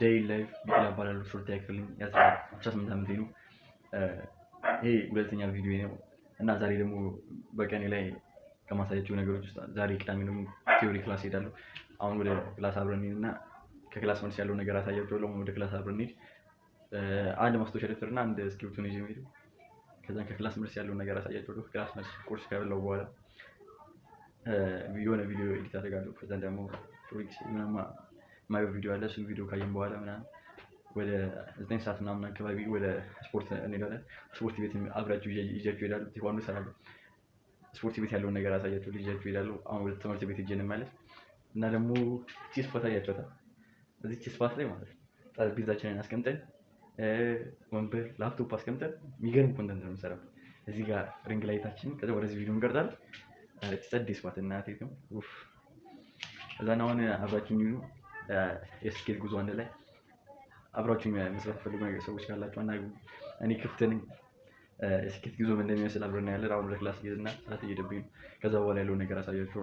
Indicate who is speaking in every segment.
Speaker 1: ዴይ ላይፍ ቢላ ባላሉ ሾርት ያክልኝ ያስራ ስምንት ዓመቴ ነው። ይሄ ሁለተኛ ቪዲዮ ነው እና ዛሬ ደግሞ በቀኔ ላይ ከማሳያቸው ነገሮች ውስጥ ዛሬ ቅዳሜ ደግሞ ቴዎሪ ክላስ ሄዳለሁ። አሁን ወደ ክላስ አብረን ሄድ እና ከክላስ መልስ ያለው ነገር አሳያቸው። አሳያቸዋለሁ። ወደ ክላስ አብረን ሄድ አንድ ማስታወሻ ደብተር እና አንድ እስክሪብቶ ነው ይዤ የምሄደው። ከዛ ከክላስ መልስ ያለው ነገር አሳያቸዋለሁ። ከክላስ መልስ ቁርስ ከበላሁ በኋላ የሆነ ቪዲዮ ኤዲት አደርጋለሁ። ከዛ ደግሞ ፕሮጀክት ምናምን ማየው ቪዲዮ አለ። እሱን ቪዲዮ ካየን በኋላ ምናምን ወደ ዘጠኝ ሰዓት ምናምን አካባቢ ወደ ስፖርት እንሄዳለን። ስፖርት ቤት አብራችሁ ይዣችሁ ይሄዳሉ። ቴኳንዶ እሰራለሁ። ስፖርት ቤት ያለውን ነገር አሳያችሁ ልጃችሁ ይሄዳሉ። አሁን ወደ ትምህርት ቤት ሄጄ እንመለስ እና ደግሞ ቺስ ፋት አያችኋታል። እዚህ ቺስ ፋት ላይ ማለት ነው ጠረጴዛችንን አስቀምጠን ወንበር፣ ላፕቶፕ አስቀምጠን የሚገርም ኮንተንት ነው የምንሰራው። እዚህ ጋር ሪንግ ላይታችን ከዛ ወደዚህ ቪዲዮ እንቀርጻለን። ጸድ ስፋት እናቴ ነው እዛን አሁን አብራችሁ የሚሉ የስኬት ጉዞ አንድ ላይ አብራችሁ መስራት ፈልጉ ሰዎች ካላችሁ እና እኔ ክፍት ነኝ። የስኬት ጉዞ እንደሚመስል አብረና ያለን አሁን ለክላስ ክላስ ጌዝና ሰዓት እየደብኝ ከዛ በኋላ ያለውን ነገር አሳያችሁ።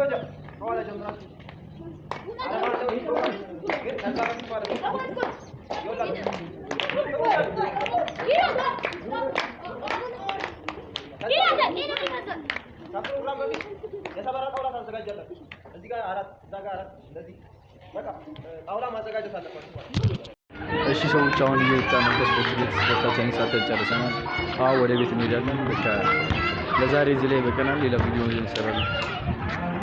Speaker 1: እሺ ሰዎች አሁን እየወጣ ነው። ከስፖርት ቤት ስፖርታችንን ሰርተን ጨርሰናል። አዎ ወደ ቤት እንሄዳለን። በቃ ለዛሬ እዚህ ላይ በቀናል። ሌላ ቪዲዮ እንሰራለን።